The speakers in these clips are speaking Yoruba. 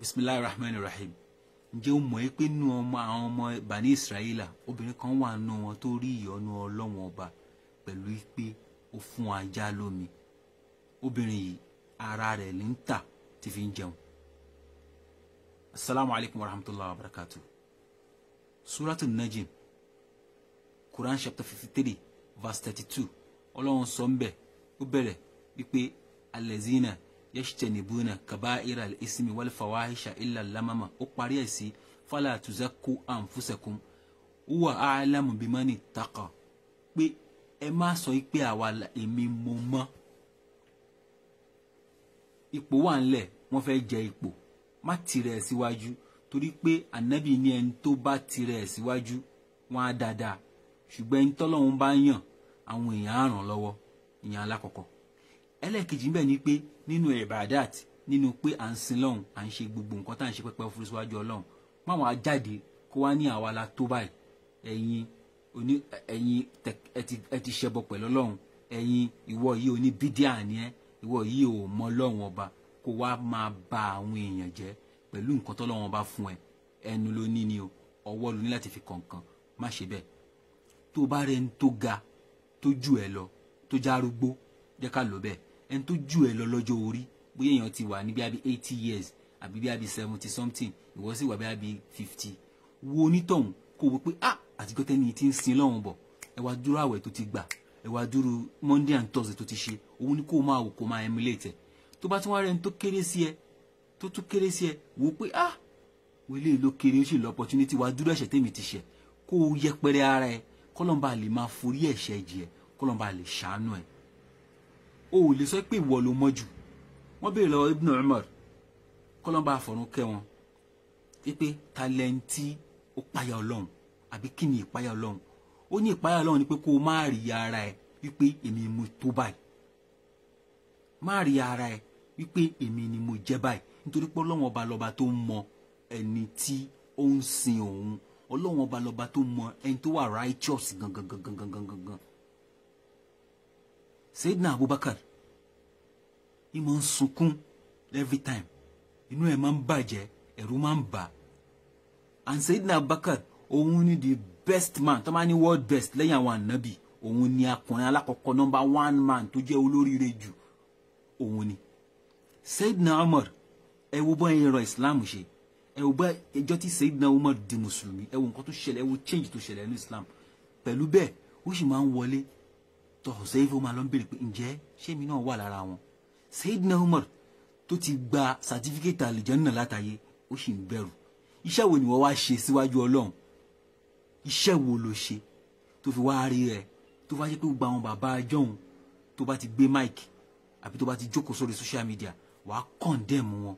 bisimilahi rahman rahim ǹjẹ́ o mọ̀ ẹ́ pé nínú ọmọ àwọn ọmọ bani israẹla obìnrin kan wà nù wọn tó rí ìyọ́nú ọlọ́wọ́n ọba pẹ̀lú pé ó fún ajá lómi obìnrin yìí ara rẹ̀ ló ń tà tí fi ń jẹun asalaamu alaykum wa rahmatulah wa barakatu suratu najim quran chapter fifty three verse thirty two ọlọ́run sọ ń bẹ̀ ó bẹ̀rẹ̀ wípé alẹ́zínà yẹ́sítẹ̀nìbùnà kàbáìrà ìsinmi wal fawahisha illa lamama ó parí ẹ̀ sí fala tuzakku anfusakum huwa a'lamu bimani taqa pé ẹ má sọ pé àwa èmi mo mọ́ ipò wà ńlẹ̀ wọ́n fẹ́ jẹ ipò má tirẹ̀ síwájú torí pé ànábì ní ẹni tó bá tirẹ̀ síwájú wọn á dáadáa ṣùgbọ́n ẹni tọ́lọ́run bá yàn àwọn èèyàn á ràn lọ́wọ́ ìyẹn alákọ̀ọ́kọ́ ẹlẹ́ẹ̀kejì ń bẹ ni pé nínú ibadat nínú pé à ń sin lọ́hùn à ń ṣe gbogbo nǹkan tá à ń ṣe pẹ́pẹ́ fún síwájú ọlọ́hùn máwọn ajáde kó wá ní àwa la tó báyìí ẹ̀yin oní ẹ̀yin ẹ ti ṣẹbọ pẹ̀lú ọlọ́hùn ẹ̀yin ìwọ yìí oní bídíà ni ẹ ìwọ yìí ò mọ ọlọ́hùn ọba kó wá máa ba àwọn èèyàn jẹ́ pẹ̀lú nǹkan tọ́lọ́hùn ọba fún ẹ ẹnu ló ní ni o ọwọ́ ló ní láti fi kọ̀ọ̀kan má ṣe bẹ́ẹ̀ tó bá rẹ̀ ń tó ga tó jù ẹ lọ tó járúgbó jẹ́ ká lò bẹ́ẹ̀ ẹni tó jù ẹ lọ lọ́jọ́ orí bóyá èèyàn ti wà ní bí i eighty years àbí bí i seventy something ìwọ sì wà bí i fifty wo onítọ̀hún kó o pé ah àtijọ́ tẹ́ni ti ń sin lọ́hùn bọ̀ ẹ wá dúró àwẹ̀ tó ti gbà ẹ wá dúró Monday and Thursday tó ti ṣe òun ni kó o máa wò kó o máa emulate ẹ tó bá tún wá rẹ ní tó kéré sí ẹ tó tún kéré sí ẹ wò pé ah wọlé ló kéré ó sì lọ opportunity wá dúró ẹ̀ṣẹ̀ tèmi ti ṣẹ̀ kó o yẹpẹrẹ ara ẹ kọ́lọ́mbà lè máa forí ẹ̀ṣẹ̀ jì kọ́lọ́mbà lè ṣàánú ẹ o ò lè sọ pé ìwọ ló mọ̀ jù wọ́n béèrè lọ́wọ́ Ibn Umar kọ́lọ́mbà àfọ̀rún kẹ́ wọn wípé talẹ́ǹtì ó páyà ọlọ́run àbí kí ni ìpáyà ọlọ́run ó ní ìpáyà ọlọ́run ni pé kó o má rí ara ẹ wípé èmi ni mo tó báyìí má rí ara ẹ wípé èmi ni mo jẹ́ báyìí nítorí pé ọlọ́run ọba lọ́ba tó mọ ẹni tí ó ń sin òun ọlọ́run ọba lọ́ba tó mọ ẹni tó wà righteous gangan gangan gangan gangan Sayyidina Abubakar ì máa ń sunkún every time inú ẹ̀ máa ń bàjẹ́ ẹ̀rù máa ń bà and Sayyidina Abubakar òun ni the best man tó máa ní world best lẹ́yìn àwọn ànábì òun ni akùnrin alákọ̀ọ́kọ́ number one man tó jẹ́ olóríire jù òun ni Sayyidina Umar ẹ wo bọ́ ẹ̀rọ Islam ṣe ẹ wo bọ́ ẹjọ́ tí Sayyidina Umar di mùsùlùmí ẹ wo nǹkan tó ṣẹlẹ̀ ẹ wo change tó ṣẹlẹ̀ ní Islam pẹ̀lú bẹ́ẹ̀ ó sì máa ń wọlé tó Hussein fún ma lọ ń béèrè pé ǹjẹ́ ṣé mi náà wà lára wọn Sayyidina Umar tó ti gba sàtífíkẹ́tì àlùjànnà látàyè ó sì ń bẹ̀rù iṣẹ́ wo ni wọ́n wá ṣe síwájú ọlọ́run iṣẹ́ wo ló ṣe tó fi wá rí rẹ tó fi wá ṣe pé gbogbo àwọn bàbá ajọ́hun tó bá ti gbé mike àbí tó bá ti jókòó sórí social media wàá kọ̀ǹdẹ̀mù wọn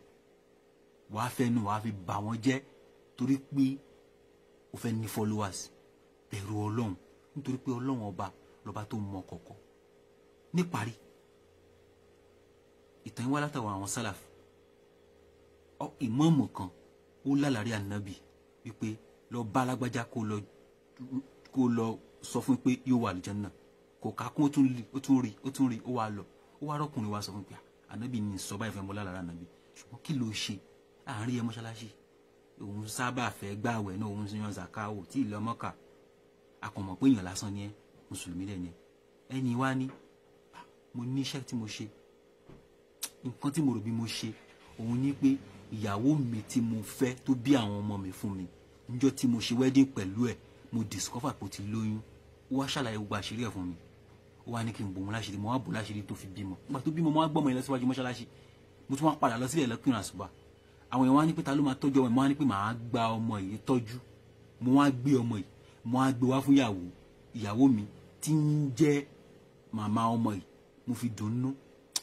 wàá fẹnu wàá fi bà wọ́n jẹ́ torí pé o fẹ́ ní followers bẹ̀rù ọlọ́run nítorí pé ọlọ́run ọba lọ́ba tó mọ kọ̀kọ̀ níparí ìtàn ìwá látàwọn àwọn sálàfù ọ ìmọ̀ọ́mù kan ó lálàrí ànábì wípé lọ bá alágbájá kó lọ kó lọ sọ fún pé yóò wà àlùjánnà kò ká kún ó tún rí ó tún rí ó tún rí ó wá lọ ó wá rọkùnrin sọ fún pé ànábì ní sọ báyìí fẹ́ mọ́ lálàrá ànábì ṣùgbọ́n kí ló ṣe àárín ẹ mọ́ṣáláṣí òun sábà fẹ́ gbààwẹ̀ náà òun sì yan zaka ò tí ì lọ mọ́kà àkànmọ̀ pé èèyàn lásán ni ẹ́ mùsùlùmí dẹ̀ ni ẹni wá ní ah, mo ní iṣẹ́ tí mo ṣe nǹkan tí mo rò bí mo ṣe òun ni pé ìyàwó mi tí mo fẹ́ tó bí àwọn ọmọ mi fún mi níjọ́ tí mo ṣe wedding pẹ̀lú ẹ̀ mo discover pé ó ti lóyún ó wá ṣàlàyé gbogbo àṣírí ẹ̀ fún mi ó wá ní kí n bò wọn láṣìírí mo wá bò láṣìírí tó fi bímọ nígbà tó bímọ mo wá gbọ́mọ yẹn lọ síwájú mọ́ṣáláṣí mo tún wá padà lọ sílẹ̀ lọ́kùnrin àṣùbà àwọn èèyàn wá ní pé ta ló máa tọ́jú ọmọ yìí mo gba ọmọ yìí tọ́jú mo wá gbé ọmọ yìí mo wá gbé wá fún ìyàwó ìyàwó mi tí ń jẹ́ màmá ọmọ yìí mo fi dùnnú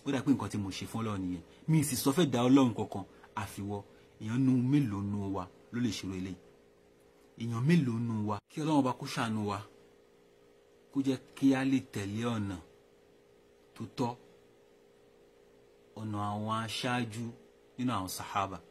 ó dà pé nǹkan tí mo ṣe fún ọlọ́run nìyẹn mi sì sọ fẹ́ẹ́ dá ọlọ́run kankan àfiwọ́ èèyàn nu mélòó nu wa ló lè ṣòro eléyìí èèyàn mélòó nu wa kí ọlọ́run bá kó ṣàánú wa kó jẹ́ kí a lè tẹ̀lé ọ̀nà tó tọ́ ọ̀nà àwọn aṣáájú nínú àwọn sàhábà